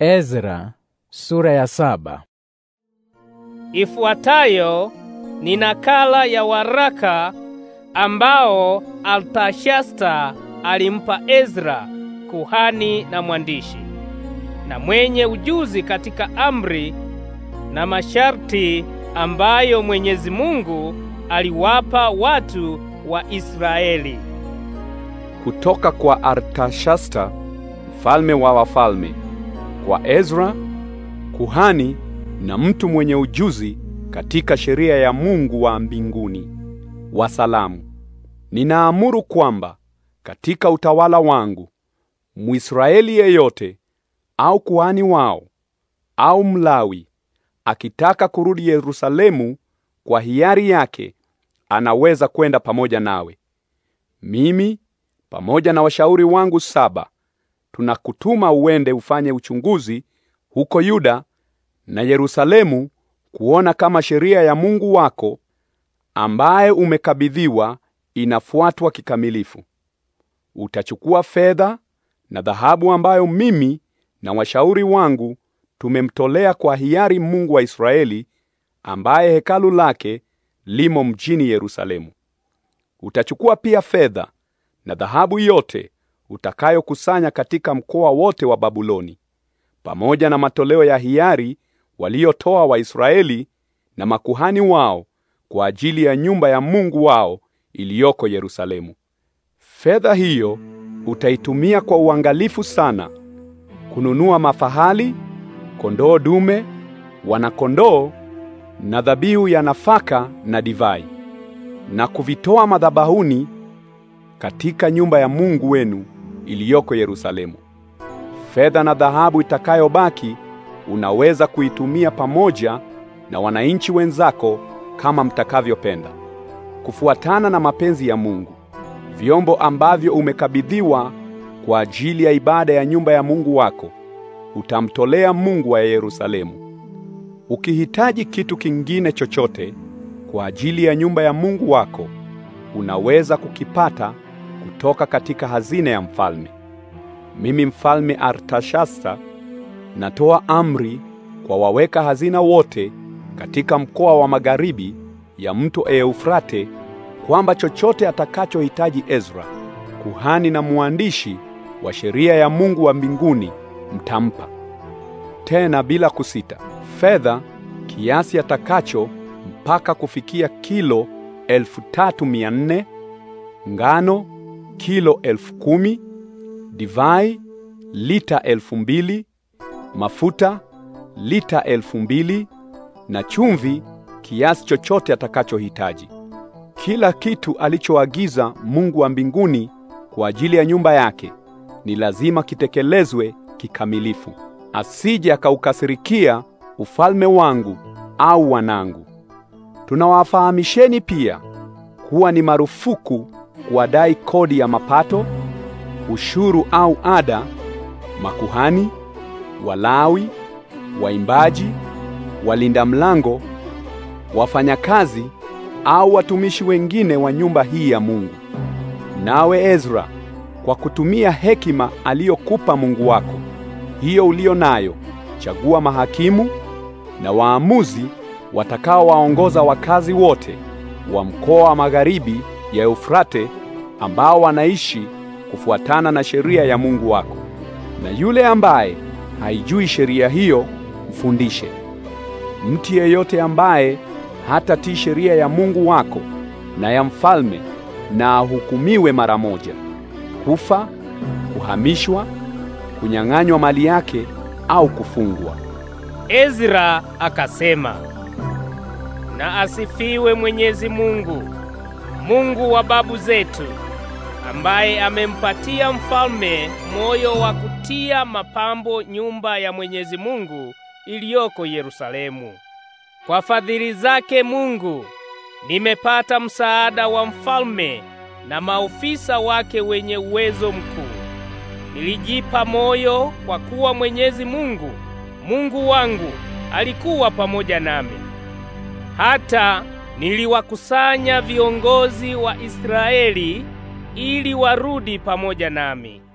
Ezra sura ya saba. Ifuatayo ni nakala ya waraka ambao Altashasta alimpa Ezra kuhani na mwandishi na mwenye ujuzi katika amri na masharti ambayo Mwenyezi Mungu aliwapa watu wa Israeli kutoka kwa Artashasta mfalme wa wafalme kwa Ezra kuhani na mtu mwenye ujuzi katika sheria ya Mungu wa mbinguni. Wasalamu. Ninaamuru kwamba katika utawala wangu Mwisraeli yeyote au kuhani wao au Mlawi akitaka kurudi Yerusalemu kwa hiari yake anaweza kwenda pamoja nawe. Mimi pamoja na washauri wangu saba tunakutuma uende ufanye uchunguzi huko Yuda na Yerusalemu kuona kama sheria ya Mungu wako ambaye umekabidhiwa inafuatwa kikamilifu. Utachukua fedha na dhahabu ambayo mimi na washauri wangu tumemtolea kwa hiari Mungu wa Israeli ambaye hekalu lake limo mjini Yerusalemu. Utachukua pia fedha na dhahabu yote utakayokusanya katika mkoa wote wa Babuloni, pamoja na matoleo ya hiari waliotoa Waisraeli na makuhani wao kwa ajili ya nyumba ya Mungu wao iliyoko Yerusalemu. Fedha hiyo utaitumia kwa uangalifu sana kununua mafahali, kondoo dume, wanakondoo na dhabihu ya nafaka na divai, na kuvitoa madhabahuni katika nyumba ya Mungu wenu iliyoko Yerusalemu. Fedha na dhahabu itakayobaki unaweza kuitumia pamoja na wananchi wenzako kama mtakavyopenda, kufuatana na mapenzi ya Mungu. Vyombo ambavyo umekabidhiwa kwa ajili ya ibada ya nyumba ya Mungu wako utamtolea Mungu wa Yerusalemu. Ukihitaji kitu kingine chochote kwa ajili ya nyumba ya Mungu wako unaweza kukipata kutoka katika hazina ya mfalme. Mimi mfalme Artashasta natoa amri kwa waweka hazina wote katika mkoa wa magharibi ya mto Eufrate kwamba chochote atakachohitaji Ezra kuhani na mwandishi wa sheria ya Mungu wa mbinguni mtampa, tena bila kusita, fedha kiasi atakacho mpaka kufikia kilo elfu tatu mia nne ngano kilo elfu kumi, divai lita elfu mbili, mafuta lita elfu mbili na chumvi kiasi chochote atakachohitaji. Kila kitu alichoagiza Mungu wa mbinguni kwa ajili ya nyumba yake ni lazima kitekelezwe kikamilifu, asije akaukasirikia ufalme wangu au wanangu. Tunawafahamisheni pia kuwa ni marufuku kuwadai kodi ya mapato, ushuru au ada, makuhani, Walawi, waimbaji, walinda mlango, wafanyakazi au watumishi wengine wa nyumba hii ya Mungu. Nawe Ezra, kwa kutumia hekima aliyokupa Mungu wako, hiyo uliyo nayo, chagua mahakimu na waamuzi watakaowaongoza wakazi wote wa mkoa wa Magharibi ya Eufrate ambao wanaishi kufuatana na sheria ya Mungu wako, na yule ambaye haijui sheria hiyo mfundishe. Mtu yeyote ambaye hata ti sheria ya Mungu wako na ya mfalme, na ahukumiwe mara moja, kufa, kuhamishwa, kunyang'anywa mali yake au kufungwa. Ezra akasema, na asifiwe Mwenyezi Mungu Mungu wa babu zetu, ambaye amempatia mfalme moyo wa kutia mapambo nyumba ya Mwenyezi Mungu iliyoko Yerusalemu. Kwa fadhili zake Mungu nimepata msaada wa mfalme na maofisa wake wenye uwezo mkuu. Nilijipa moyo kwa kuwa Mwenyezi Mungu, Mungu wangu, alikuwa pamoja nami hata niliwakusanya viongozi wa Israeli ili warudi pamoja nami.